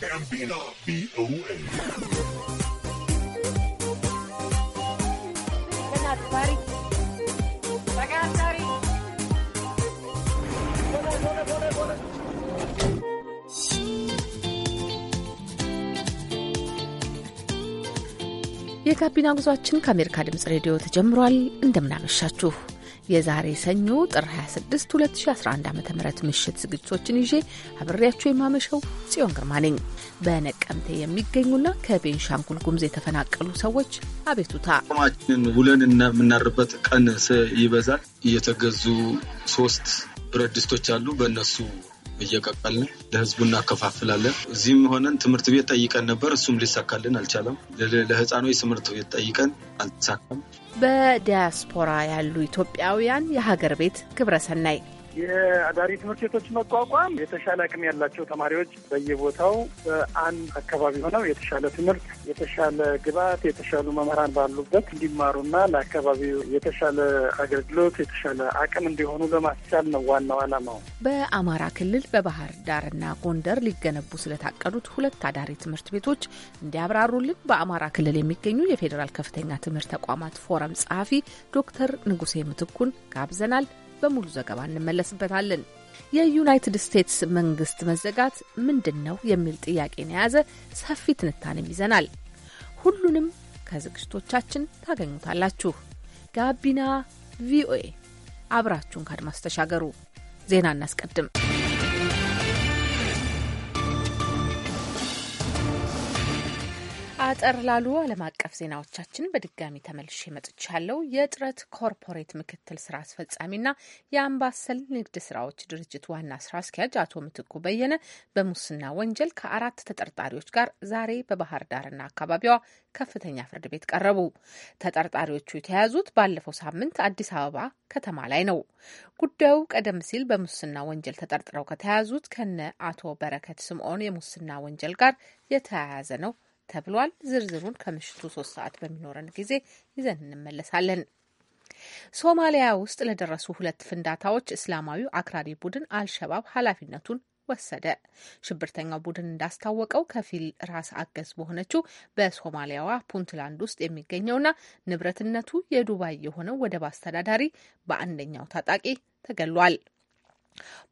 Gambino ቪኦኤ የጋቢና ጉዟችን ከአሜሪካ ድምጽ ሬዲዮ ተጀምሯል። እንደምናመሻችሁ የዛሬ ሰኞ ጥር 26 2011 ዓ ም ምሽት ዝግጅቶችን ይዤ አብሬያችሁ የማመሸው ጽዮን ግርማ ነኝ። በነቀምቴ የሚገኙና ከቤንሻንጉል ጉምዝ የተፈናቀሉ ሰዎች አቤቱታ ማችንን ውለን የምናርበት ቀን ይበዛል። እየተገዙ ሶስት ብረት ድስቶች አሉ። በእነሱ እየቀቀልን ለህዝቡ እናከፋፍላለን። እዚህም ሆነን ትምህርት ቤት ጠይቀን ነበር። እሱም ሊሳካልን አልቻለም። ለህፃኖች ትምህርት ቤት ጠይቀን አልተሳካም። በዲያስፖራ ያሉ ኢትዮጵያውያን የሀገር ቤት ግብረሰናይ የአዳሪ ትምህርት ቤቶች መቋቋም የተሻለ አቅም ያላቸው ተማሪዎች በየቦታው በአንድ አካባቢ ሆነው የተሻለ ትምህርት፣ የተሻለ ግብዓት፣ የተሻሉ መምህራን ባሉበት እንዲማሩና ለአካባቢው የተሻለ አገልግሎት፣ የተሻለ አቅም እንዲሆኑ ለማስቻል ነው ዋናው ዓላማው። በአማራ ክልል በባህር ዳርና ጎንደር ሊገነቡ ስለታቀዱት ሁለት አዳሪ ትምህርት ቤቶች እንዲያብራሩልን በአማራ ክልል የሚገኙ የፌዴራል ከፍተኛ ትምህርት ተቋማት ፎረም ጸሐፊ ዶክተር ንጉሴ ምትኩን ጋብዘናል። በሙሉ ዘገባ እንመለስበታለን። የዩናይትድ ስቴትስ መንግስት መዘጋት ምንድን ነው የሚል ጥያቄን የያዘ ሰፊ ትንታኔም ይዘናል። ሁሉንም ከዝግጅቶቻችን ታገኙታላችሁ። ጋቢና ቪኦኤ፣ አብራችሁን ከአድማስ ተሻገሩ። ዜና እናስቀድም። አጠር ላሉ ዓለም አቀፍ ዜናዎቻችን በድጋሚ ተመልሼ መጥቻለሁ። የጥረት ኮርፖሬት ምክትል ስራ አስፈጻሚና የአምባሰል ንግድ ስራዎች ድርጅት ዋና ስራ አስኪያጅ አቶ ምትኩ በየነ በሙስና ወንጀል ከአራት ተጠርጣሪዎች ጋር ዛሬ በባህር ዳርና አካባቢዋ ከፍተኛ ፍርድ ቤት ቀረቡ። ተጠርጣሪዎቹ የተያዙት ባለፈው ሳምንት አዲስ አበባ ከተማ ላይ ነው። ጉዳዩ ቀደም ሲል በሙስና ወንጀል ተጠርጥረው ከተያዙት ከነ አቶ በረከት ስምዖን የሙስና ወንጀል ጋር የተያያዘ ነው ተብሏል። ዝርዝሩን ከምሽቱ ሶስት ሰዓት በሚኖረን ጊዜ ይዘን እንመለሳለን። ሶማሊያ ውስጥ ለደረሱ ሁለት ፍንዳታዎች እስላማዊ አክራሪ ቡድን አልሸባብ ኃላፊነቱን ወሰደ። ሽብርተኛው ቡድን እንዳስታወቀው ከፊል ራስ አገዝ በሆነችው በሶማሊያዋ ፑንትላንድ ውስጥ የሚገኘውና ንብረትነቱ የዱባይ የሆነው ወደብ አስተዳዳሪ በአንደኛው ታጣቂ ተገሏል።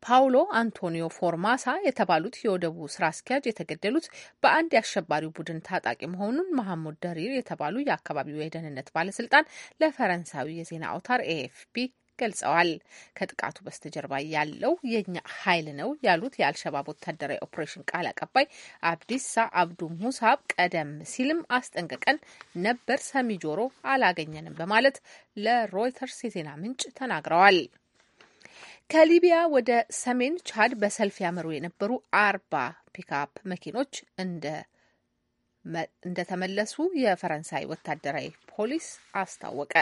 ፓውሎ አንቶኒዮ ፎርማሳ የተባሉት የወደቡ ስራ አስኪያጅ የተገደሉት በአንድ የአሸባሪው ቡድን ታጣቂ መሆኑን መሐሙድ ደሪር የተባሉ የአካባቢው የደህንነት ባለስልጣን ለፈረንሳዊ የዜና አውታር ኤኤፍፒ ገልጸዋል። ከጥቃቱ በስተጀርባ ያለው የኛ ኃይል ነው ያሉት የአልሸባብ ወታደራዊ ኦፕሬሽን ቃል አቀባይ አብዲሳ አብዱ ሙሳብ ቀደም ሲልም አስጠንቅቀን ነበር፣ ሰሚ ጆሮ አላገኘንም በማለት ለሮይተርስ የዜና ምንጭ ተናግረዋል። ከሊቢያ ወደ ሰሜን ቻድ በሰልፍ ያመሩ የነበሩ አርባ ፒክአፕ መኪኖች እንደ እንደተመለሱ የፈረንሳይ ወታደራዊ ፖሊስ አስታወቀ።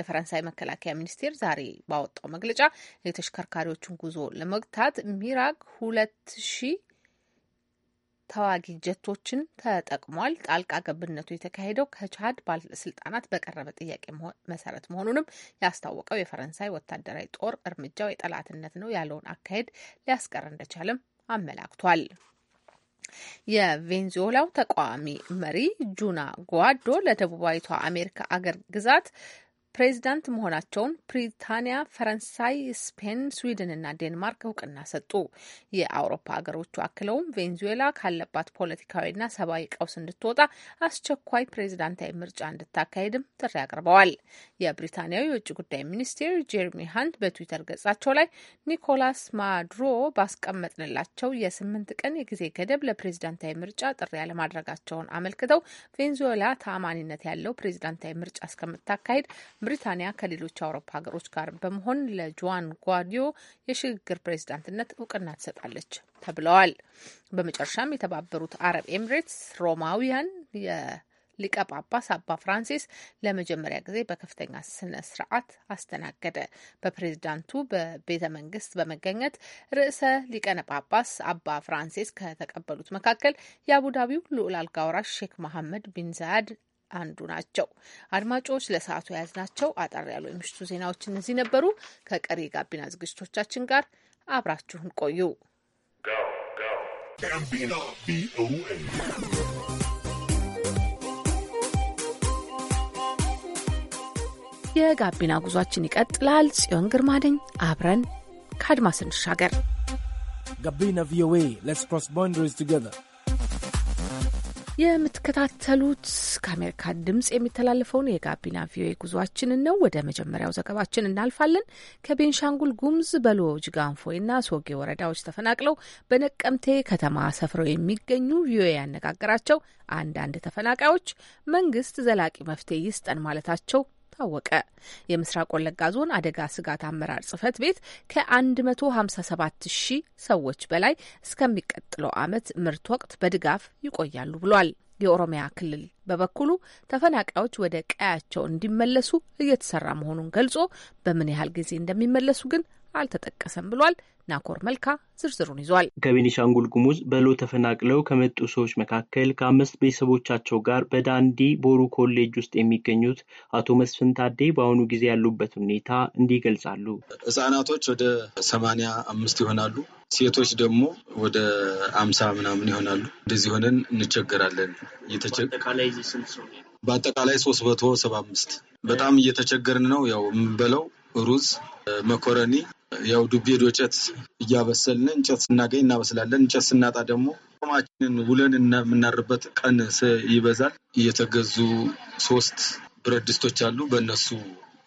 የፈረንሳይ መከላከያ ሚኒስቴር ዛሬ ባወጣው መግለጫ የተሽከርካሪዎቹን ጉዞ ለመግታት ሚራግ ሁለት ሺ ተዋጊ ጀቶችን ተጠቅሟል። ጣልቃ ገብነቱ የተካሄደው ከቻድ ባለስልጣናት በቀረበ ጥያቄ መሰረት መሆኑንም ያስታወቀው የፈረንሳይ ወታደራዊ ጦር እርምጃው የጠላትነት ነው ያለውን አካሄድ ሊያስቀር እንደቻለም አመላክቷል። የቬንዙዌላው ተቃዋሚ መሪ ጁና ጓዶ ለደቡባዊቷ አሜሪካ አገር ግዛት ፕሬዚዳንት መሆናቸውን ብሪታንያ፣ ፈረንሳይ፣ ስፔን፣ ስዊድንና ዴንማርክ እውቅና ሰጡ። የአውሮፓ ሀገሮቹ አክለውም ቬንዙዌላ ካለባት ፖለቲካዊና ሰብአዊ ቀውስ እንድትወጣ አስቸኳይ ፕሬዚዳንታዊ ምርጫ እንድታካሄድም ጥሪ አቅርበዋል። የብሪታንያው የውጭ ጉዳይ ሚኒስቴር ጄርሚ ሀንት በትዊተር ገጻቸው ላይ ኒኮላስ ማዱሮ ባስቀመጥንላቸው የስምንት ቀን የጊዜ ገደብ ለፕሬዚዳንታዊ ምርጫ ጥሪ ያለማድረጋቸውን አመልክተው ቬንዙዌላ ተአማኒነት ያለው ፕሬዚዳንታዊ ምርጫ እስከምታካሄድ ብሪታንያ ከሌሎች አውሮፓ ሀገሮች ጋር በመሆን ለጁዋን ጓዲዮ የሽግግር ፕሬዝዳንትነት እውቅና ትሰጣለች ተብለዋል። በመጨረሻም የተባበሩት አረብ ኤምሬትስ ሮማውያን ሊቀ ጳጳስ አባ ፍራንሲስ ለመጀመሪያ ጊዜ በከፍተኛ ስነ ስርዓት አስተናገደ። በፕሬዝዳንቱ በቤተ መንግስት በመገኘት ርዕሰ ሊቀነ ጳጳስ አባ ፍራንሲስ ከተቀበሉት መካከል የአቡዳቢው ልዑል አልጋ ወራሽ ሼክ መሐመድ ቢን ዛያድ አንዱ ናቸው። አድማጮች ለሰዓቱ የያዝናቸው አጠር ያሉ የምሽቱ ዜናዎች እነዚህ ነበሩ። ከቀሪ ጋቢና ዝግጅቶቻችን ጋር አብራችሁን ቆዩ። የጋቢና ጉዟችን ይቀጥላል። ጽዮን ግርማ ነኝ። አብረን ከአድማስ እንሻገር። ጋቢና ቪኦኤ ሌትስ ክሮስ ቦንደሪስ ቱጌዘር የምትከታተሉት ከአሜሪካ ድምጽ የሚተላለፈውን የጋቢና ቪኦኤ ጉዟችንን ነው። ወደ መጀመሪያው ዘገባችን እናልፋለን። ከቤንሻንጉል ጉሙዝ በሎጅ ጋንፎይና ሶጌ ወረዳዎች ተፈናቅለው በነቀምቴ ከተማ ሰፍረው የሚገኙ ቪኦኤ ያነጋገራቸው አንዳንድ ተፈናቃዮች መንግስት ዘላቂ መፍትሄ ይስጠን ማለታቸው ታወቀ። የምስራቅ ወለጋ ዞን አደጋ ስጋት አመራር ጽህፈት ቤት ከ157 ሺህ ሰዎች በላይ እስከሚቀጥለው ዓመት ምርት ወቅት በድጋፍ ይቆያሉ ብሏል። የኦሮሚያ ክልል በበኩሉ ተፈናቃዮች ወደ ቀያቸው እንዲመለሱ እየተሰራ መሆኑን ገልጾ በምን ያህል ጊዜ እንደሚመለሱ ግን አልተጠቀሰም ብሏል። ናኮር መልካ ዝርዝሩን ይዟል። ከቤኒሻንጉል ጉሙዝ በሎ ተፈናቅለው ከመጡ ሰዎች መካከል ከአምስት ቤተሰቦቻቸው ጋር በዳንዲ ቦሩ ኮሌጅ ውስጥ የሚገኙት አቶ መስፍን ታዴ በአሁኑ ጊዜ ያሉበት ሁኔታ እንዲህ ይገልጻሉ። ህጻናቶች ወደ ሰማንያ አምስት ይሆናሉ። ሴቶች ደግሞ ወደ አምሳ ምናምን ይሆናሉ። እንደዚህ ሆነን እንቸገራለን። በአጠቃላይ ሶስት መቶ ሰባ አምስት በጣም እየተቸገርን ነው። ያው የምንበለው ሩዝ፣ መኮረኒ ያው ዱቤ ዶጨት እያበሰልን እንጨት ስናገኝ እናበስላለን። እንጨት ስናጣ ደግሞ ቆማችንን ውለን የምናርበት ቀን ይበዛል። እየተገዙ ሶስት ብረት ድስቶች አሉ። በእነሱ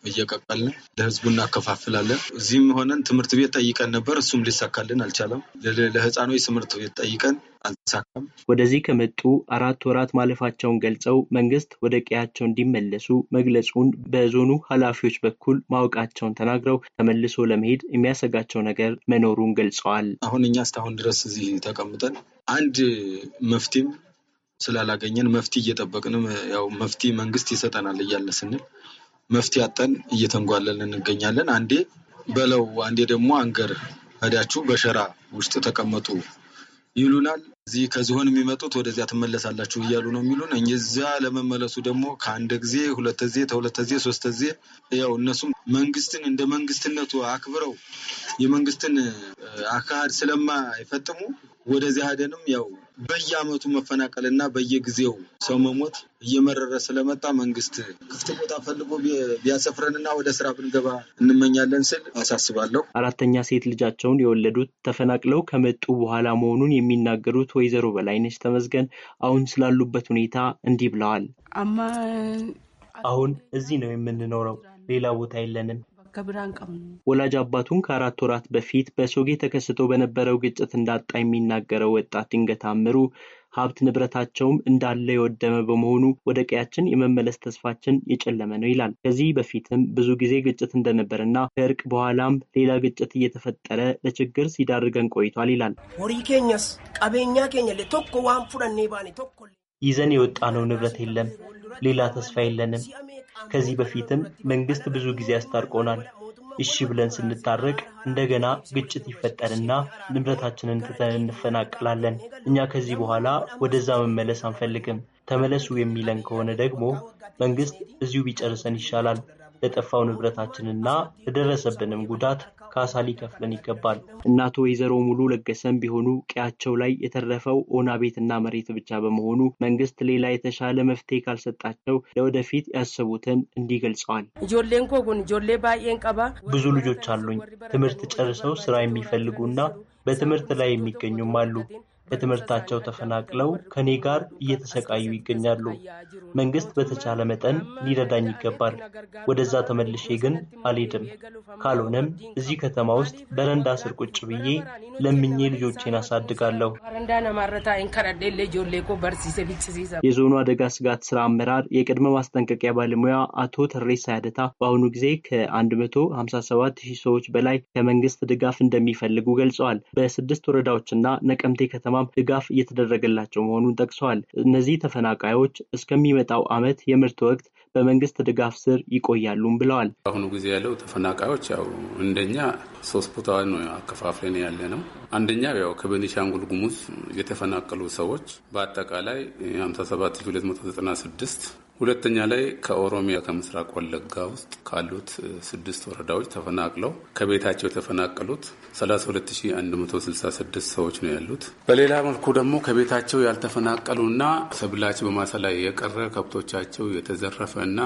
እየቀቀልን ለህዝቡ እናከፋፍላለን። እዚህም ሆነን ትምህርት ቤት ጠይቀን ነበር። እሱም ሊሳካልን አልቻለም። ለህፃኖች ትምህርት ቤት ጠይቀን ወደዚህ ከመጡ አራት ወራት ማለፋቸውን ገልጸው መንግስት ወደ ቀያቸው እንዲመለሱ መግለጹን በዞኑ ኃላፊዎች በኩል ማወቃቸውን ተናግረው ተመልሶ ለመሄድ የሚያሰጋቸው ነገር መኖሩን ገልጸዋል። አሁን እኛ እስካሁን ድረስ እዚህ ተቀምጠን አንድ መፍትሄም ስላላገኘን መፍትሄ እየጠበቅንም ያው መፍትሄ መንግስት ይሰጠናል እያለ ስንል መፍትሄ አጠን እየተንጓለን እንገኛለን። አንዴ በለው አንዴ ደግሞ አንገር ሄዳችሁ በሸራ ውስጥ ተቀመጡ ይሉናል። እዚህ ከዝሆን የሚመጡት ወደዚያ ትመለሳላችሁ እያሉ ነው የሚሉን። እዚያ ለመመለሱ ደግሞ ከአንድ ጊዜ ሁለት ጊዜ ተሁለት ጊዜ ሶስት ጊዜ ያው እነሱም መንግስትን እንደ መንግስትነቱ አክብረው የመንግስትን አካሄድ ስለማይፈጥሙ ወደዚህ ሄደንም ያው በየአመቱ መፈናቀልና በየጊዜው ሰው መሞት እየመረረ ስለመጣ መንግስት ክፍት ቦታ ፈልጎ ቢያሰፍረንና ወደ ስራ ብንገባ እንመኛለን ስል አሳስባለሁ። አራተኛ ሴት ልጃቸውን የወለዱት ተፈናቅለው ከመጡ በኋላ መሆኑን የሚናገሩት ወይዘሮ በላይነች ተመዝገን አሁን ስላሉበት ሁኔታ እንዲህ ብለዋል። አሁን እዚህ ነው የምንኖረው፣ ሌላ ቦታ የለንም። ከብርሃን ቀምኑ ወላጅ አባቱን ከአራት ወራት በፊት በሶጌ ተከስቶ በነበረው ግጭት እንዳጣ የሚናገረው ወጣት ድንገት አምሩ ሀብት ንብረታቸውም እንዳለ የወደመ በመሆኑ ወደ ቀያችን የመመለስ ተስፋችን የጨለመ ነው ይላል። ከዚህ በፊትም ብዙ ጊዜ ግጭት እንደነበረና ከእርቅ በኋላም ሌላ ግጭት እየተፈጠረ ለችግር ሲዳርገን ቆይቷል ይላል። ይዘን የወጣነው ንብረት የለም፣ ሌላ ተስፋ የለንም። ከዚህ በፊትም መንግስት ብዙ ጊዜ አስታርቆናል። እሺ ብለን ስንታረቅ እንደገና ግጭት ይፈጠርና ንብረታችንን ትተን እንፈናቀላለን። እኛ ከዚህ በኋላ ወደዛ መመለስ አንፈልግም። ተመለሱ የሚለን ከሆነ ደግሞ መንግስት እዚሁ ቢጨርሰን ይሻላል። ለጠፋው ንብረታችንና ለደረሰብንም ጉዳት ካሳ ሊከፍለን ይገባል። እናቱ ወይዘሮ ሙሉ ለገሰም ቢሆኑ ቀያቸው ላይ የተረፈው ኦና ቤትና መሬት ብቻ በመሆኑ መንግስት ሌላ የተሻለ መፍትሄ ካልሰጣቸው ለወደፊት ያሰቡትን እንዲህ ገልጸዋል። ብዙ ልጆች አሉኝ። ትምህርት ጨርሰው ስራ የሚፈልጉና በትምህርት ላይ የሚገኙም አሉ። ከትምህርታቸው ተፈናቅለው ከኔ ጋር እየተሰቃዩ ይገኛሉ። መንግስት በተቻለ መጠን ሊረዳኝ ይገባል። ወደዛ ተመልሼ ግን አልሄድም። ካልሆነም እዚህ ከተማ ውስጥ በረንዳ ስር ቁጭ ብዬ ለምኜ ልጆቼን አሳድጋለሁ። የዞኑ አደጋ ስጋት ስራ አመራር የቅድመ ማስጠንቀቂያ ባለሙያ አቶ ተሬሳ ያደታ በአሁኑ ጊዜ ከ157 ሺህ ሰዎች በላይ ከመንግስት ድጋፍ እንደሚፈልጉ ገልጸዋል። በስድስት ወረዳዎችና ነቀምቴ ከተማ ፓርላማም ድጋፍ እየተደረገላቸው መሆኑን ጠቅሰዋል። እነዚህ ተፈናቃዮች እስከሚመጣው ዓመት የምርት ወቅት በመንግስት ድጋፍ ስር ይቆያሉም ብለዋል። በአሁኑ ጊዜ ያለው ተፈናቃዮች ያው እንደኛ ሶስት ቦታ ነው አከፋፍለን ያለ ነው። አንደኛው ያው ከቤኒሻንጉል ጉሙዝ የተፈናቀሉ ሰዎች በአጠቃላይ 57296 ሁለተኛ ላይ ከኦሮሚያ ከምስራቅ ወለጋ ውስጥ ካሉት ስድስት ወረዳዎች ተፈናቅለው ከቤታቸው የተፈናቀሉት 32166 ሰዎች ነው ያሉት። በሌላ መልኩ ደግሞ ከቤታቸው ያልተፈናቀሉና ሰብላቸው በማሳ ላይ የቀረ ከብቶቻቸው የተዘረፈ እና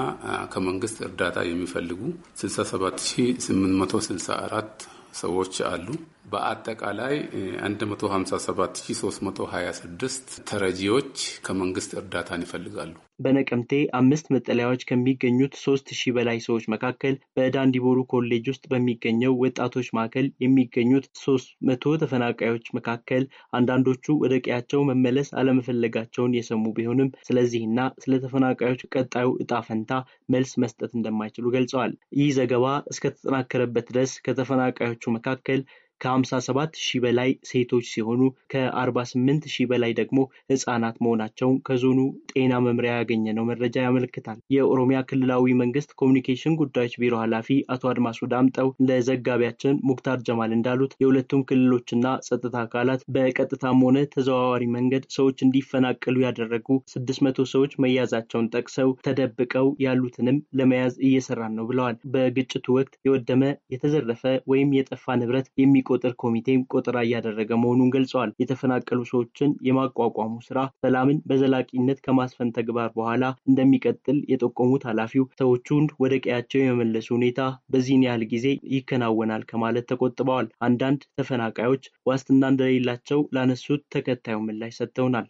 ከመንግስት እርዳታ የሚፈልጉ 67864 ሰዎች አሉ። በአጠቃላይ 157326 ተረጂዎች ከመንግስት እርዳታን ይፈልጋሉ። በነቀምቴ አምስት መጠለያዎች ከሚገኙት ሶስት ሺህ በላይ ሰዎች መካከል በዳንዲቦሩ ኮሌጅ ውስጥ በሚገኘው ወጣቶች ማዕከል የሚገኙት ሶስት መቶ ተፈናቃዮች መካከል አንዳንዶቹ ወደ ቀያቸው መመለስ አለመፈለጋቸውን የሰሙ ቢሆንም ስለዚህና ስለ ተፈናቃዮች ቀጣዩ እጣ ፈንታ መልስ መስጠት እንደማይችሉ ገልጸዋል። ይህ ዘገባ እስከተጠናከረበት ድረስ ከተፈናቃዮቹ መካከል ከ57 ሺህ በላይ ሴቶች ሲሆኑ ከ48 ሺህ በላይ ደግሞ ህጻናት መሆናቸውን ከዞኑ ጤና መምሪያ ያገኘነው መረጃ ያመለክታል። የኦሮሚያ ክልላዊ መንግስት ኮሚኒኬሽን ጉዳዮች ቢሮ ኃላፊ አቶ አድማሱ ዳምጠው ለዘጋቢያችን ሙክታር ጀማል እንዳሉት የሁለቱም ክልሎችና ጸጥታ አካላት በቀጥታም ሆነ ተዘዋዋሪ መንገድ ሰዎች እንዲፈናቀሉ ያደረጉ 600 ሰዎች መያዛቸውን ጠቅሰው ተደብቀው ያሉትንም ለመያዝ እየሰራን ነው ብለዋል። በግጭቱ ወቅት የወደመ የተዘረፈ ወይም የጠፋ ንብረት የሚቆ ቁጥር ኮሚቴም ቆጠራ እያደረገ መሆኑን ገልጸዋል። የተፈናቀሉ ሰዎችን የማቋቋሙ ስራ ሰላምን በዘላቂነት ከማስፈን ተግባር በኋላ እንደሚቀጥል የጠቆሙት ኃላፊው ሰዎቹን ወደ ቀያቸው የመመለሱ ሁኔታ በዚህን ያህል ጊዜ ይከናወናል ከማለት ተቆጥበዋል። አንዳንድ ተፈናቃዮች ዋስትና እንደሌላቸው ላነሱት ተከታዩ ምላሽ ሰጥተውናል።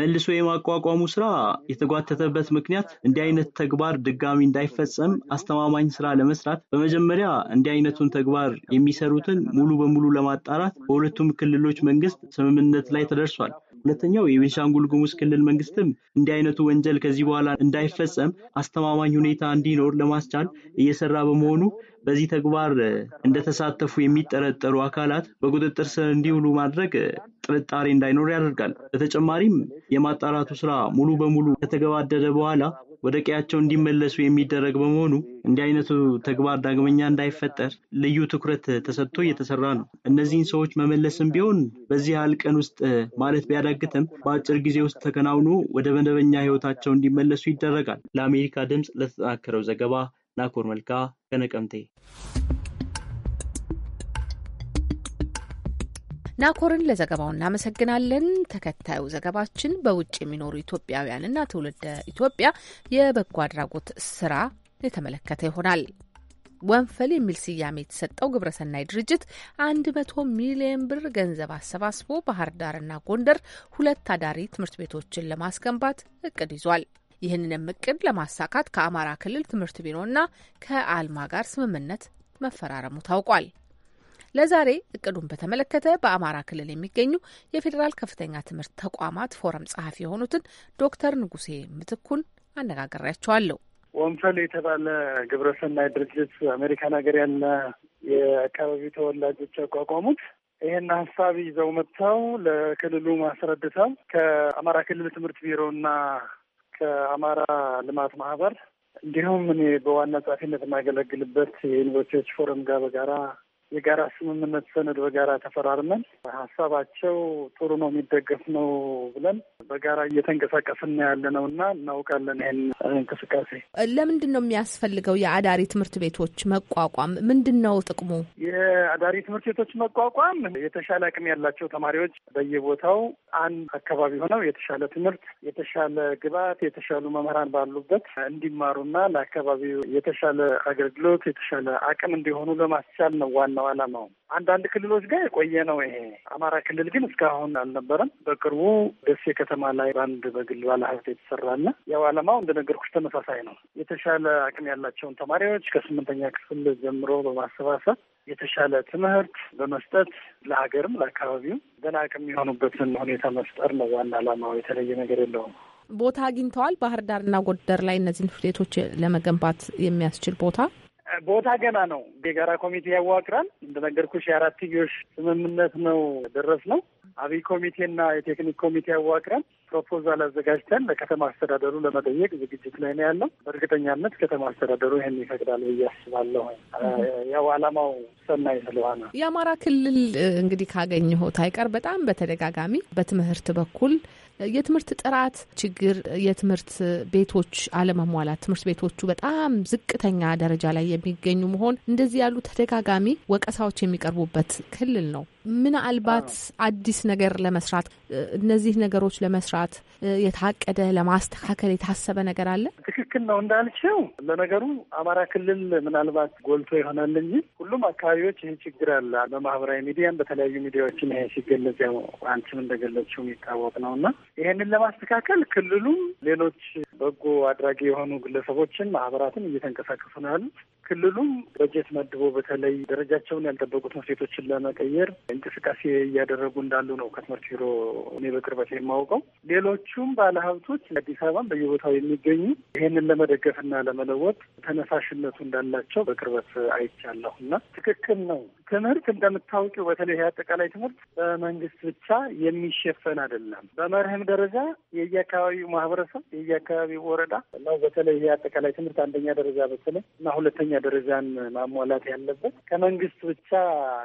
መልሶ የማቋቋሙ ስራ የተጓተተበት ምክንያት እንዲህ አይነት ተግባር ድጋሚ እንዳይፈጸም አስተማማኝ ስራ ለመስራት በመ በመጀመሪያ እንዲህ አይነቱን ተግባር የሚሰሩትን ሙሉ በሙሉ ለማጣራት በሁለቱም ክልሎች መንግስት ስምምነት ላይ ተደርሷል። ሁለተኛው የቤንሻንጉል ጉሙዝ ክልል መንግስትም እንዲህ አይነቱ ወንጀል ከዚህ በኋላ እንዳይፈጸም አስተማማኝ ሁኔታ እንዲኖር ለማስቻል እየሰራ በመሆኑ በዚህ ተግባር እንደተሳተፉ የሚጠረጠሩ አካላት በቁጥጥር ስር እንዲውሉ ማድረግ ጥርጣሬ እንዳይኖር ያደርጋል። በተጨማሪም የማጣራቱ ስራ ሙሉ በሙሉ ከተገባደደ በኋላ ወደ ቀያቸው እንዲመለሱ የሚደረግ በመሆኑ እንዲህ አይነቱ ተግባር ዳግመኛ እንዳይፈጠር ልዩ ትኩረት ተሰጥቶ እየተሰራ ነው። እነዚህን ሰዎች መመለስም ቢሆን በዚህ ያህል ቀን ውስጥ ማለት ቢያዳግትም በአጭር ጊዜ ውስጥ ተከናውኖ ወደ መደበኛ ህይወታቸው እንዲመለሱ ይደረጋል። ለአሜሪካ ድምፅ ለተጠናከረው ዘገባ ናኮር መልካ ከነቀምቴ ናኮርን ለዘገባው እናመሰግናለን። ተከታዩ ዘገባችን በውጭ የሚኖሩ ኢትዮጵያውያንና ትውልደ ኢትዮጵያ የበጎ አድራጎት ስራ የተመለከተ ይሆናል። ወንፈል የሚል ስያሜ የተሰጠው ግብረሰናይ ድርጅት አንድ መቶ ሚሊዮን ብር ገንዘብ አሰባስቦ ባህር ዳርና ጎንደር ሁለት አዳሪ ትምህርት ቤቶችን ለማስገንባት እቅድ ይዟል። ይህንንም እቅድ ለማሳካት ከአማራ ክልል ትምህርት ቢሮና ከአልማ ጋር ስምምነት መፈራረሙ ታውቋል። ለዛሬ እቅዱን በተመለከተ በአማራ ክልል የሚገኙ የፌዴራል ከፍተኛ ትምህርት ተቋማት ፎረም ጸሐፊ የሆኑትን ዶክተር ንጉሴ ምትኩን አነጋግሬያቸዋለሁ። ወንፈል የተባለ ግብረሰናይ ድርጅት አሜሪካን ሀገር ያለ የአካባቢው ተወላጆች ያቋቋሙት ይህን ሀሳብ ይዘው መጥተው ለክልሉ ማስረድተው ከአማራ ክልል ትምህርት ቢሮና ከአማራ ልማት ማህበር እንዲሁም እኔ በዋና ጸሐፊነት የማገለግልበት የዩኒቨርሲቲዎች ፎረም ጋር በጋራ የጋራ ስምምነት ሰነድ በጋራ ተፈራርመን ሀሳባቸው ጥሩ ነው የሚደገፍ ነው ብለን በጋራ እየተንቀሳቀስና ያለ ነው እና እናውቃለን ይህን እንቅስቃሴ። ለምንድን ነው የሚያስፈልገው የአዳሪ ትምህርት ቤቶች መቋቋም? ምንድን ነው ጥቅሙ? የአዳሪ ትምህርት ቤቶች መቋቋም የተሻለ አቅም ያላቸው ተማሪዎች በየቦታው አንድ አካባቢ ሆነው የተሻለ ትምህርት፣ የተሻለ ግብዓት፣ የተሻሉ መምህራን ባሉበት እንዲማሩና ለአካባቢው የተሻለ አገልግሎት፣ የተሻለ አቅም እንዲሆኑ ለማስቻል ነው ዋና ነው ዓላማው። አንዳንድ ክልሎች ጋር የቆየ ነው ይሄ። አማራ ክልል ግን እስካሁን አልነበረም። በቅርቡ ደሴ ከተማ ላይ በአንድ በግል ባለሀብት የተሰራለ ያው ዓላማው እንደነገርኩሽ ተመሳሳይ ነው። የተሻለ አቅም ያላቸውን ተማሪዎች ከስምንተኛ ክፍል ጀምሮ በማሰባሰብ የተሻለ ትምህርት በመስጠት ለሀገርም ለአካባቢው ገና አቅም የሚሆኑበትን ሁኔታ መፍጠር ነው ዋና ዓላማው። የተለየ ነገር የለውም። ቦታ አግኝተዋል። ባህር ዳርና ጎደር ላይ እነዚህን ፍሌቶች ለመገንባት የሚያስችል ቦታ ቦታ ገና ነው። የጋራ ኮሚቴ ያዋቅራል። እንደነገርኩሽ የአራትዮሽ ስምምነት ነው ደረስ ነው። አብይ ኮሚቴና የቴክኒክ ኮሚቴ ያዋቅራል። ፕሮፖዛል አዘጋጅተን ለከተማ አስተዳደሩ ለመጠየቅ ዝግጅት ላይ ነው ያለው። በእርግጠኛነት ከተማ አስተዳደሩ ይህን ይፈቅዳል ብዬ አስባለሁ። ያው አላማው ሰናይ ስለሆነ የአማራ ክልል እንግዲህ ካገኘሁት አይቀር በጣም በተደጋጋሚ በትምህርት በኩል የትምህርት ጥራት ችግር፣ የትምህርት ቤቶች አለመሟላት፣ ትምህርት ቤቶቹ በጣም ዝቅተኛ ደረጃ ላይ የሚገኙ መሆን፣ እንደዚህ ያሉ ተደጋጋሚ ወቀሳዎች የሚቀርቡበት ክልል ነው። ምናልባት አዲስ ነገር ለመስራት እነዚህ ነገሮች ለመስራት ለመስራት የታቀደ ለማስተካከል የታሰበ ነገር አለ? ትክክል ነው እንዳልችው። ለነገሩ አማራ ክልል ምናልባት ጎልቶ ይሆናል እንጂ ሁሉም አካባቢዎች ይሄ ችግር አለ። በማህበራዊ ሚዲያም በተለያዩ ሚዲያዎችም ይሄ ሲገለጽ ያው አንቺም እንደገለጽሽው የሚታወቅ ነው እና ይሄንን ለማስተካከል ክልሉም ሌሎች በጎ አድራጊ የሆኑ ግለሰቦችን ማህበራትን እየተንቀሳቀሱ ነው ያሉት። ክልሉም በጀት መድቦ በተለይ ደረጃቸውን ያልጠበቁ ትምህርት ቤቶችን ለመቀየር እንቅስቃሴ እያደረጉ እንዳሉ ነው ከትምህርት ቢሮ እኔ በቅርበት የማውቀው። ሌሎቹም ባለሀብቶች አዲስ አበባን በየቦታው የሚገኙ ይህንን ለመደገፍና ለመለወጥ ተነሳሽነቱ እንዳላቸው በቅርበት አይቻለሁ እና ትክክል ነው። ትምህርት እንደምታውቂው በተለይ አጠቃላይ ትምህርት በመንግስት ብቻ የሚሸፈን አይደለም። በመርህም ደረጃ የየአካባቢው ማህበረሰብ የየአካባቢው ወረዳ ነው። በተለይ ይሄ አጠቃላይ ትምህርት አንደኛ ደረጃ በተለይ እና ሁለተኛ ደረጃን ማሟላት ያለበት ከመንግስት ብቻ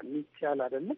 የሚቻል አይደለም።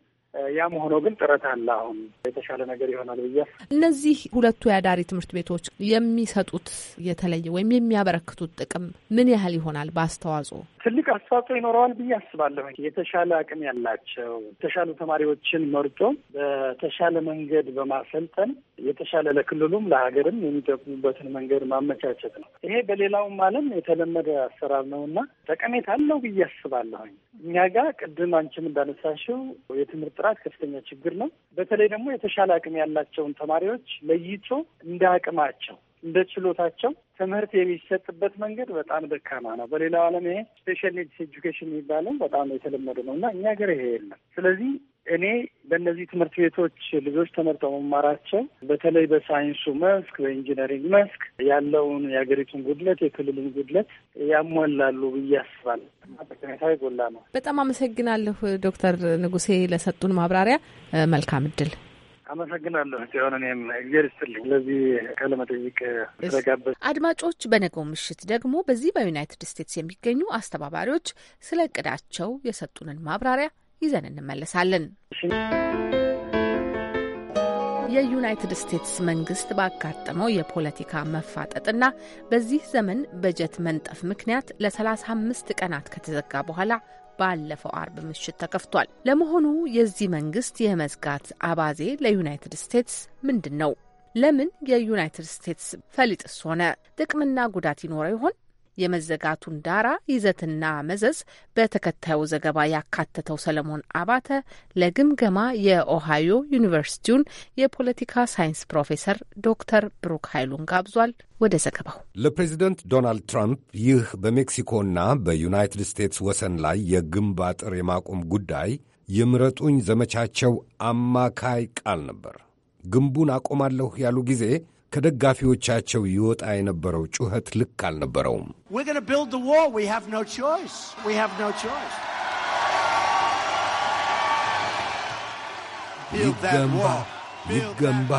ያም ሆኖ ግን ጥረት አለ። አሁን የተሻለ ነገር ይሆናል ብዬ እነዚህ ሁለቱ የአዳሪ ትምህርት ቤቶች የሚሰጡት የተለየ ወይም የሚያበረክቱት ጥቅም ምን ያህል ይሆናል? በአስተዋጽኦ ትልቅ አስተዋጽኦ ይኖረዋል ብዬ አስባለሁ። የተሻለ አቅም ያላቸው የተሻሉ ተማሪዎችን መርጦ በተሻለ መንገድ በማሰልጠን የተሻለ ለክልሉም ለሀገርም የሚጠቅሙበትን መንገድ ማመቻቸት ነው። ይሄ በሌላውም ዓለም የተለመደ አሰራር ነው እና ጠቀሜታ አለው ብዬ አስባለሁኝ። እኛ ጋር ቅድም አንቺም እንዳነሳሽው የትምህርት ማጥራት ከፍተኛ ችግር ነው። በተለይ ደግሞ የተሻለ አቅም ያላቸውን ተማሪዎች ለይቶ እንደ አቅማቸው እንደ ችሎታቸው ትምህርት የሚሰጥበት መንገድ በጣም ደካማ ነው። በሌላው ዓለም ይሄ ስፔሻል ኒድስ ኤጁኬሽን የሚባለው በጣም የተለመደ ነው እና እኛ ሀገር ይሄ የለም። ስለዚህ እኔ በእነዚህ ትምህርት ቤቶች ልጆች ተመርጠው መማራቸው በተለይ በሳይንሱ መስክ በኢንጂነሪንግ መስክ ያለውን የሀገሪቱን ጉድለት የክልሉን ጉድለት ያሟላሉ ብዬ አስባለሁ። ጠቀሜታ የጎላ ነው። በጣም አመሰግናለሁ ዶክተር ንጉሴ ለሰጡን ማብራሪያ። መልካም እድል። አመሰግናለሁ ሲሆን እኔም እግዜር ይስጥልኝ ለዚህ ቃለ መጠይቅ ስለጋበዝ። አድማጮች በነገው ምሽት ደግሞ በዚህ በዩናይትድ ስቴትስ የሚገኙ አስተባባሪዎች ስለ እቅዳቸው የሰጡንን ማብራሪያ ይዘን እንመለሳለን። የዩናይትድ ስቴትስ መንግስት ባጋጠመው የፖለቲካ መፋጠጥና በዚህ ዘመን በጀት መንጠፍ ምክንያት ለ35 ቀናት ከተዘጋ በኋላ ባለፈው አርብ ምሽት ተከፍቷል። ለመሆኑ የዚህ መንግስት የመዝጋት አባዜ ለዩናይትድ ስቴትስ ምንድን ነው? ለምን የዩናይትድ ስቴትስ ፈሊጥስ ሆነ? ጥቅምና ጉዳት ይኖረው ይሆን? የመዘጋቱን ዳራ ይዘትና መዘዝ በተከታዩ ዘገባ ያካተተው ሰለሞን አባተ ለግምገማ የኦሃዮ ዩኒቨርሲቲውን የፖለቲካ ሳይንስ ፕሮፌሰር ዶክተር ብሩክ ኃይሉን ጋብዟል። ወደ ዘገባው። ለፕሬዚደንት ዶናልድ ትራምፕ ይህ በሜክሲኮና በዩናይትድ ስቴትስ ወሰን ላይ የግንብ አጥር የማቆም ጉዳይ የምረጡኝ ዘመቻቸው አማካይ ቃል ነበር። ግንቡን አቆማለሁ ያሉ ጊዜ ከደጋፊዎቻቸው ይወጣ የነበረው ጩኸት ልክ አልነበረውም። ይገንባ ይገንባ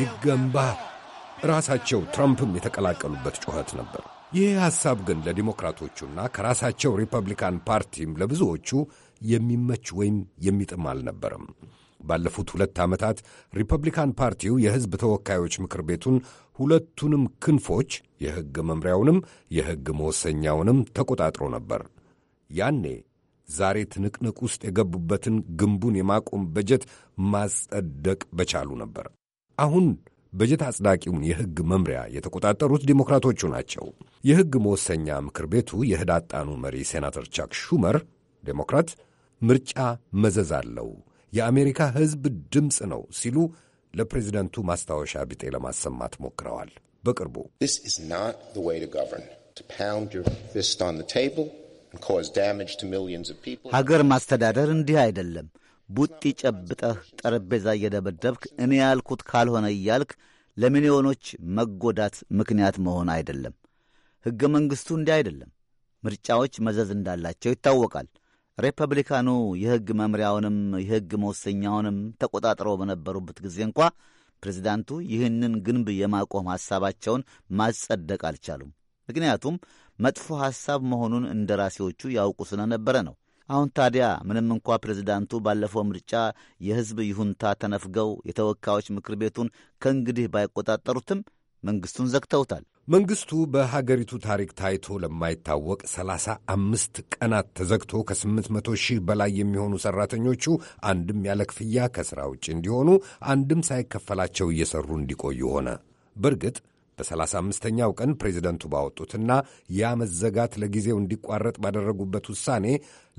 ይገንባ ራሳቸው ትራምፕም የተቀላቀሉበት ጩኸት ነበር። ይህ ሐሳብ ግን ለዲሞክራቶቹና ከራሳቸው ሪፐብሊካን ፓርቲም ለብዙዎቹ የሚመች ወይም የሚጥም አልነበረም። ባለፉት ሁለት ዓመታት ሪፐብሊካን ፓርቲው የሕዝብ ተወካዮች ምክር ቤቱን ሁለቱንም ክንፎች የሕግ መምሪያውንም የሕግ መወሰኛውንም ተቆጣጥሮ ነበር። ያኔ ዛሬ ትንቅንቅ ውስጥ የገቡበትን ግንቡን የማቆም በጀት ማጸደቅ በቻሉ ነበር። አሁን በጀት አጽዳቂውን የሕግ መምሪያ የተቆጣጠሩት ዴሞክራቶቹ ናቸው። የሕግ መወሰኛ ምክር ቤቱ የህዳጣኑ መሪ ሴናተር ቻክ ሹመር ዴሞክራት ምርጫ መዘዝ አለው የአሜሪካ ሕዝብ ድምፅ ነው ሲሉ ለፕሬዚደንቱ ማስታወሻ ቢጤ ለማሰማት ሞክረዋል። በቅርቡ ሀገር ማስተዳደር እንዲህ አይደለም። ቡጢ ጨብጠህ ጠረጴዛ እየደበደብክ እኔ ያልኩት ካልሆነ እያልክ ለሚሊዮኖች መጎዳት ምክንያት መሆን አይደለም። ሕገ መንግሥቱ እንዲህ አይደለም። ምርጫዎች መዘዝ እንዳላቸው ይታወቃል። ሪፐብሊካኑ የሕግ መምሪያውንም የሕግ መወሰኛውንም ተቆጣጥረው በነበሩበት ጊዜ እንኳ ፕሬዚዳንቱ ይህንን ግንብ የማቆም ሐሳባቸውን ማጸደቅ አልቻሉም። ምክንያቱም መጥፎ ሐሳብ መሆኑን እንደራሴዎቹ ያውቁ ስለነበረ ነው። አሁን ታዲያ ምንም እንኳ ፕሬዚዳንቱ ባለፈው ምርጫ የሕዝብ ይሁንታ ተነፍገው የተወካዮች ምክር ቤቱን ከእንግዲህ ባይቆጣጠሩትም መንግሥቱን ዘግተውታል። መንግሥቱ በሀገሪቱ ታሪክ ታይቶ ለማይታወቅ ሰላሳ አምስት ቀናት ተዘግቶ ከ800 ሺህ በላይ የሚሆኑ ሠራተኞቹ አንድም ያለ ክፍያ ከሥራ ውጭ እንዲሆኑ አንድም ሳይከፈላቸው እየሠሩ እንዲቆዩ ሆነ። በእርግጥ በሰላሳ አምስተኛው ቀን ፕሬዚደንቱ ባወጡትና ያ መዘጋት ለጊዜው እንዲቋረጥ ባደረጉበት ውሳኔ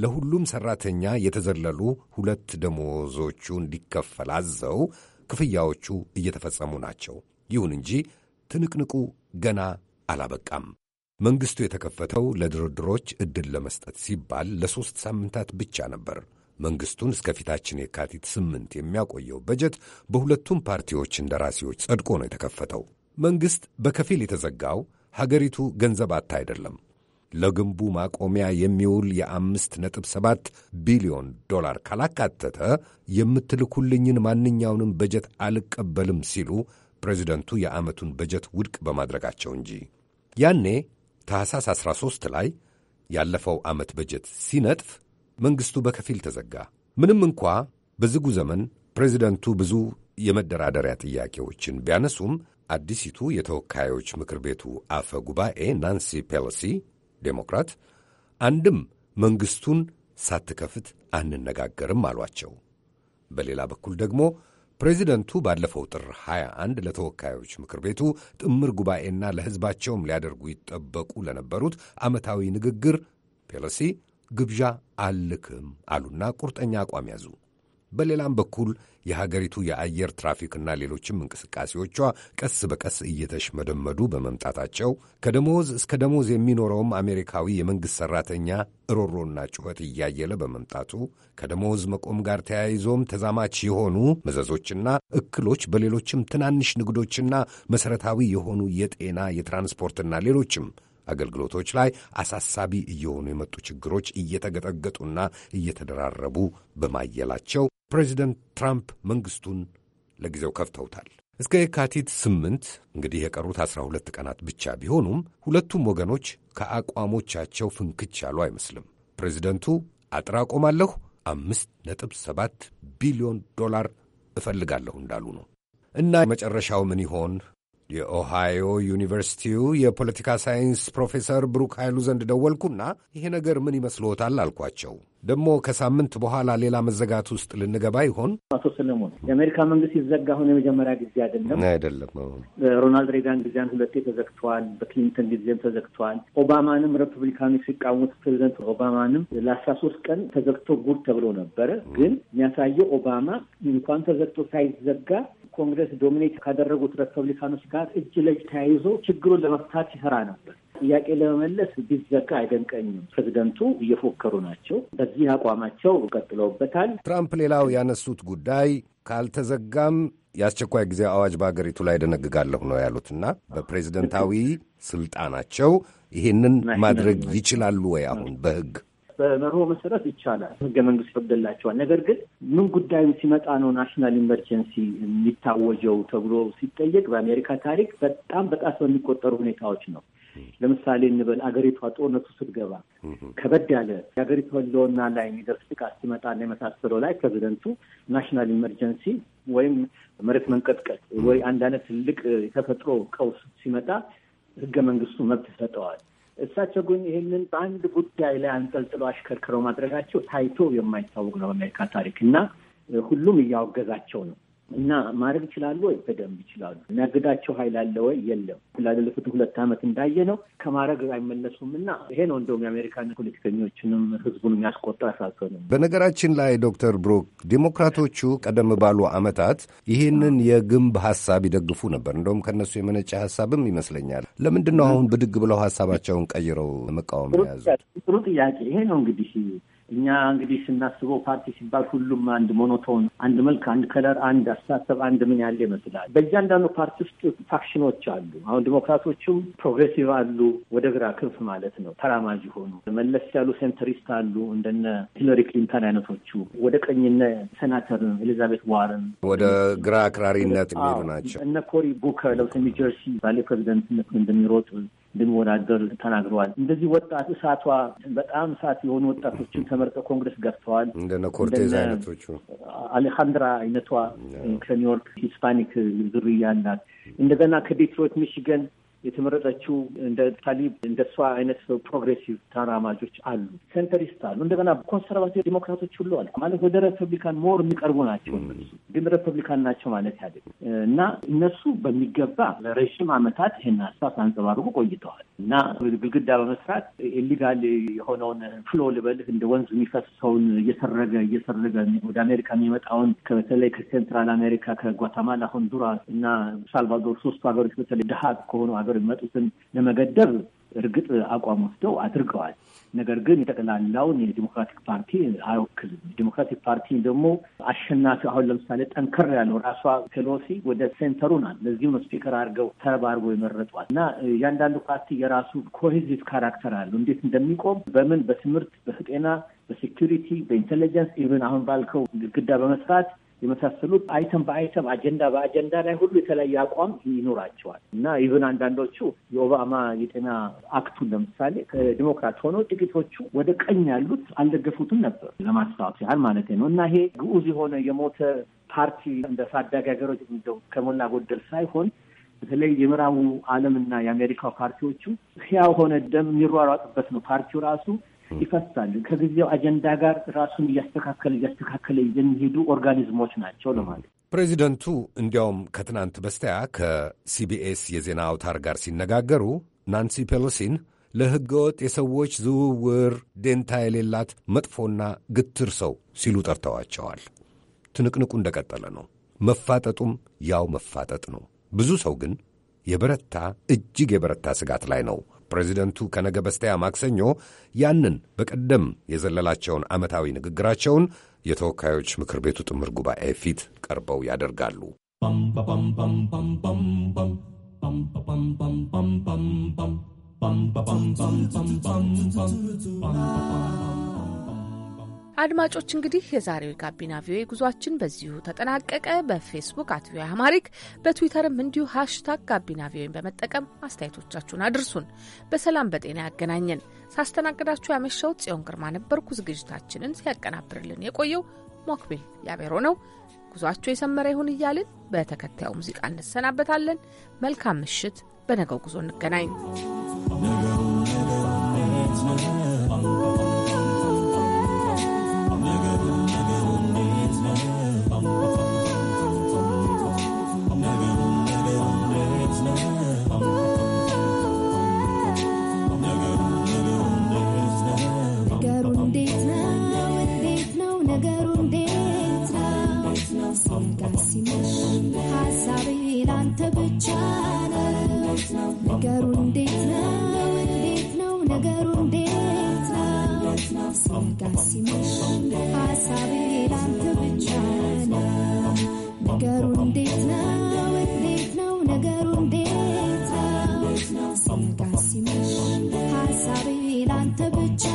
ለሁሉም ሠራተኛ የተዘለሉ ሁለት ደሞዞቹ እንዲከፈል አዘው ክፍያዎቹ እየተፈጸሙ ናቸው። ይሁን እንጂ ትንቅንቁ ገና አላበቃም። መንግሥቱ የተከፈተው ለድርድሮች ዕድል ለመስጠት ሲባል ለሦስት ሳምንታት ብቻ ነበር። መንግሥቱን እስከ ፊታችን የካቲት ስምንት የሚያቆየው በጀት በሁለቱም ፓርቲዎች እንደራሴዎች ጸድቆ ነው የተከፈተው። መንግሥት በከፊል የተዘጋው ሀገሪቱ ገንዘብ አታ አይደለም ለግንቡ ማቆሚያ የሚውል የአምስት ነጥብ ሰባት ቢሊዮን ዶላር ካላካተተ የምትልኩልኝን ማንኛውንም በጀት አልቀበልም ሲሉ ፕሬዚደንቱ የዓመቱን በጀት ውድቅ በማድረጋቸው እንጂ። ያኔ ታህሳስ 13 ላይ ያለፈው ዓመት በጀት ሲነጥፍ መንግሥቱ በከፊል ተዘጋ። ምንም እንኳ በዝጉ ዘመን ፕሬዚደንቱ ብዙ የመደራደሪያ ጥያቄዎችን ቢያነሱም አዲሲቱ የተወካዮች ምክር ቤቱ አፈ ጉባኤ ናንሲ ፔሎሲ ዴሞክራት፣ አንድም መንግሥቱን ሳትከፍት አንነጋገርም አሏቸው። በሌላ በኩል ደግሞ ፕሬዚደንቱ ባለፈው ጥር 21 ለተወካዮች ምክር ቤቱ ጥምር ጉባኤና ለሕዝባቸውም ሊያደርጉ ይጠበቁ ለነበሩት ዓመታዊ ንግግር ፔሎሲ ግብዣ አልክም አሉና ቁርጠኛ አቋም ያዙ። በሌላም በኩል የሀገሪቱ የአየር ትራፊክና ሌሎችም እንቅስቃሴዎቿ ቀስ በቀስ እየተሽመደመዱ በመምጣታቸው ከደሞዝ እስከ ደሞዝ የሚኖረውም አሜሪካዊ የመንግሥት ሠራተኛ እሮሮና ጩኸት እያየለ በመምጣቱ ከደሞዝ መቆም ጋር ተያይዞም ተዛማች የሆኑ መዘዞችና እክሎች በሌሎችም ትናንሽ ንግዶችና መሠረታዊ የሆኑ የጤና የትራንስፖርትና ሌሎችም አገልግሎቶች ላይ አሳሳቢ እየሆኑ የመጡ ችግሮች እየተገጠገጡና እየተደራረቡ በማየላቸው ፕሬዚደንት ትራምፕ መንግስቱን ለጊዜው ከፍተውታል። እስከ የካቲት ስምንት እንግዲህ የቀሩት አስራ ሁለት ቀናት ብቻ ቢሆኑም ሁለቱም ወገኖች ከአቋሞቻቸው ፍንክች ያሉ አይመስልም። ፕሬዚደንቱ አጥር አቆማለሁ፣ አምስት ነጥብ ሰባት ቢሊዮን ዶላር እፈልጋለሁ እንዳሉ ነው። እና መጨረሻው ምን ይሆን የኦሃዮ ዩኒቨርሲቲው የፖለቲካ ሳይንስ ፕሮፌሰር ብሩክ ኃይሉ ዘንድ ደወልኩና ይሄ ነገር ምን ይመስልዎታል አልኳቸው። ደግሞ ከሳምንት በኋላ ሌላ መዘጋት ውስጥ ልንገባ ይሆን? አቶ ሰለሞን የአሜሪካ መንግስት ሲዘጋ አሁን የመጀመሪያ ጊዜ አይደለም አይደለም። ሮናልድ ሬጋን ጊዜያን ሁለቴ ተዘግተዋል። በክሊንተን ጊዜም ተዘግተዋል። ኦባማንም ሪፐብሊካኖች ሲቃወሙት ፕሬዚደንት ኦባማንም ለአስራ ሶስት ቀን ተዘግቶ ጉድ ተብሎ ነበረ። ግን የሚያሳየው ኦባማ እንኳን ተዘግቶ ሳይዘጋ ኮንግረስ ዶሚኔት ካደረጉት ሪፐብሊካኖች ጋር እጅ ለእጅ ተያይዞ ችግሩን ለመፍታት ይሰራ ነበር። ጥያቄ ለመመለስ ቢዘጋ አይደንቀኝም። ፕሬዚደንቱ እየፎከሩ ናቸው። በዚህ አቋማቸው ቀጥለውበታል። ትራምፕ ሌላው ያነሱት ጉዳይ ካልተዘጋም የአስቸኳይ ጊዜ አዋጅ በሀገሪቱ ላይ ደነግጋለሁ ነው ያሉትና በፕሬዚደንታዊ ስልጣናቸው ይሄንን ማድረግ ይችላሉ ወይ? አሁን በህግ በመርሆ መሰረት ይቻላል፣ ህገ መንግስት ይፈቅድላቸዋል። ነገር ግን ምን ጉዳዩ ሲመጣ ነው ናሽናል ኢመርጀንሲ የሚታወጀው ተብሎ ሲጠየቅ በአሜሪካ ታሪክ በጣም በጣት በሚቆጠሩ ሁኔታዎች ነው። ለምሳሌ እንበል አገሪቷ ጦርነቱ ስትገባ ከበድ ያለ የአገሪቷ ህልውና ላይ የሚደርስ ጥቃት ሲመጣና የመሳሰለው ላይ ፕሬዚደንቱ ናሽናል ኢመርጀንሲ ወይም መሬት መንቀጥቀጥ ወይ አንድ አይነት ትልቅ የተፈጥሮ ቀውስ ሲመጣ ህገ መንግስቱ መብት ይሰጠዋል። እሳቸው ግን ይህንን በአንድ ጉዳይ ላይ አንጠልጥሎ አሽከርክረው ማድረጋቸው ታይቶ የማይታወቅ ነው በአሜሪካ ታሪክ እና ሁሉም እያወገዛቸው ነው። እና ማድረግ ይችላሉ ወይ? በደንብ ይችላሉ። የሚያግዳቸው ኃይል አለ ወይ? የለም። ላለፉት ሁለት ዓመት እንዳየ ነው ከማድረግ አይመለሱም። እና ይሄ ነው እንደውም የአሜሪካን ፖለቲከኞችንም ህዝቡን የሚያስቆጣ ያሳሰነ። በነገራችን ላይ ዶክተር ብሩክ ዲሞክራቶቹ ቀደም ባሉ ዓመታት ይህንን የግንብ ሀሳብ ይደግፉ ነበር። እንደውም ከነሱ የመነጨ ሀሳብም ይመስለኛል። ለምንድን ነው አሁን ብድግ ብለው ሀሳባቸውን ቀይረው መቃወም የያዙት? ጥሩ ጥያቄ። ይሄ ነው እንግዲህ እኛ እንግዲህ ስናስበው ፓርቲ ሲባል ሁሉም አንድ ሞኖቶን፣ አንድ መልክ፣ አንድ ከለር፣ አንድ አስተሳሰብ፣ አንድ ምን ያለ ይመስላል። በእያንዳንዱ ፓርቲ ውስጥ ፋክሽኖች አሉ። አሁን ዲሞክራቶቹም ፕሮግሬሲቭ አሉ፣ ወደ ግራ ክንፍ ማለት ነው። ተራማጅ ሆኑ መለስ ያሉ ሴንተሪስት አሉ፣ እንደነ ሂለሪ ክሊንተን አይነቶቹ ወደ ቀኝነ ሴናተር ኤሊዛቤት ዋረን ወደ ግራ አክራሪነት የሚሄዱ ናቸው። እነ ኮሪ ቡከር ለብሰ ኒውጀርሲ ባለ ፕሬዚደንትነት እንደሚሮጡ እንደሚወዳደር ተናግረዋል። እንደዚህ ወጣት እሳቷ በጣም እሳት የሆኑ ወጣቶችን ተመርጠው ኮንግረስ ገብተዋል። እንደነ ኮርቴዝ አይነቶቹ አሌካንድራ አይነቷ ከኒውዮርክ ሂስፓኒክ ዝርያ ናት። እንደገና ከዴትሮይት ሚሽገን የተመረጠችው እንደ ታሊብ እንደ እሷ አይነት ፕሮግሬሲቭ ተራማጆች አሉ፣ ሴንተሪስት አሉ፣ እንደገና ኮንሰርቫቲቭ ዲሞክራቶች ሁሉ አሉ። ማለት ወደ ሪፐብሊካን ሞር የሚቀርቡ ናቸው፣ ግን ሪፐብሊካን ናቸው ማለት ያለ እና እነሱ በሚገባ ለረዥም ዓመታት ይህን ሀሳብ አንጸባርቁ ቆይተዋል እና ግድግዳ በመስራት ኢሊጋል የሆነውን ፍሎ ልበልህ እንደ ወንዝ የሚፈሰውን እየሰረገ እየሰረገ ወደ አሜሪካ የሚመጣውን በተለይ ከሴንትራል አሜሪካ ከጓታማላ፣ ሆንዱራስ እና ሳልቫዶር ሶስቱ ሀገሮች በተለይ ድሀ ከሆኑ ሀገሮች ሀገር የሚመጡትን ለመገደብ እርግጥ አቋም ወስደው አድርገዋል። ነገር ግን የጠቅላላውን የዲሞክራቲክ ፓርቲ አይወክልም። ዲሞክራቲክ ፓርቲ ደግሞ አሸናፊ አሁን ለምሳሌ ጠንከር ያለው ራሷ ፔሎሲ ወደ ሴንተሩ ናት። ለዚህም ስፒከር አድርገው ተባርጎ የመረጧት እና እያንዳንዱ ፓርቲ የራሱ ኮሄዚቭ ካራክተር አለው። እንዴት እንደሚቆም በምን በትምህርት፣ በጤና፣ በሴኪሪቲ፣ በኢንቴሊጀንስ ኢቨን አሁን ባልከው ግድግዳ በመስራት የመሳሰሉት አይተም በአይተም አጀንዳ በአጀንዳ ላይ ሁሉ የተለያየ አቋም ይኖራቸዋል እና ኢቨን አንዳንዶቹ የኦባማ የጤና አክቱን ለምሳሌ ከዲሞክራት ሆኖ ጥቂቶቹ ወደ ቀኝ ያሉት አልደገፉትም ነበር ለማስታወስ ያህል ማለት ነው እና ይሄ ግዑዝ የሆነ የሞተ ፓርቲ እንደ ሳዳጊ ሀገሮች ከሞላ ጎደል ሳይሆን በተለይ የምዕራቡ ዓለምና የአሜሪካው ፓርቲዎቹ ሕያው ሆነ ደም የሚሯሯጥበት ነው። ፓርቲው ራሱ ይፈሳሉ። ከጊዜው አጀንዳ ጋር ራሱን እያስተካከለ እያስተካከለ የሚሄዱ ኦርጋኒዝሞች ናቸው ለማለት ፕሬዚደንቱ እንዲያውም ከትናንት በስቲያ ከሲቢኤስ የዜና አውታር ጋር ሲነጋገሩ ናንሲ ፔሎሲን ለሕገወጥ የሰዎች ዝውውር ደንታ የሌላት መጥፎና ግትር ሰው ሲሉ ጠርተዋቸዋል። ትንቅንቁ እንደቀጠለ ነው። መፋጠጡም ያው መፋጠጥ ነው። ብዙ ሰው ግን የበረታ እጅግ የበረታ ስጋት ላይ ነው ፕሬዚደንቱ ከነገ በስቲያ ማክሰኞ ያንን በቀደም የዘለላቸውን ዓመታዊ ንግግራቸውን የተወካዮች ምክር ቤቱ ጥምር ጉባኤ ፊት ቀርበው ያደርጋሉ። አድማጮች እንግዲህ የዛሬው የጋቢና ቪኦኤ ጉዟችን በዚሁ ተጠናቀቀ። በፌስቡክ አት ቪኦኤ አማሪክ በትዊተርም እንዲሁ ሃሽታግ ጋቢና ቪኦኤን በመጠቀም አስተያየቶቻችሁን አድርሱን። በሰላም በጤና ያገናኘን። ሳስተናግዳችሁ ያመሻው ጽዮን ግርማ ነበርኩ። ዝግጅታችንን ሲያቀናብርልን የቆየው ሞክቢል ያቤሮ ነው። ጉዟቸው የሰመረ ይሁን እያልን በተከታዩ ሙዚቃ እንሰናበታለን። መልካም ምሽት። በነገው ጉዞ እንገናኝ። ጋር ሲመሽ ሀሳቤ ላንተ ብቻ ነው። ነገሩ እንዴት ነው? እንዴት ነው ነገሩ እንዴት ነው? ጋር ሲመሽ ሀሳቤ ላንተ ብቻ ነው። ነገሩ እንዴት ነው? እንዴት ነው ነገሩ እንዴት ነው? ጋር ሲመሽ ሀሳቤ ላንተ ብቻ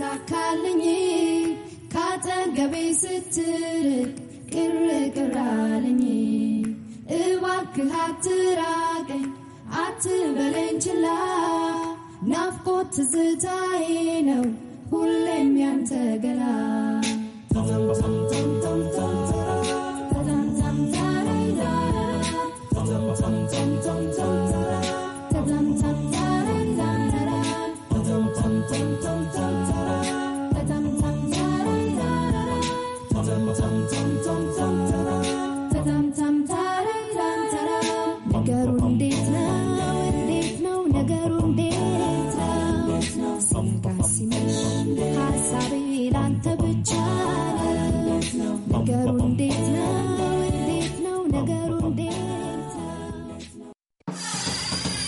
ተሳካልኝ ካጠገቤ ስትርቅ ቅር ቅር አለኝ። እባክህ አትራቀኝ አትበለኝ ችላ ናፍቆት ትዝታዬ ነው ሁሌም ያንተ ገላ tum tum I'm sorry.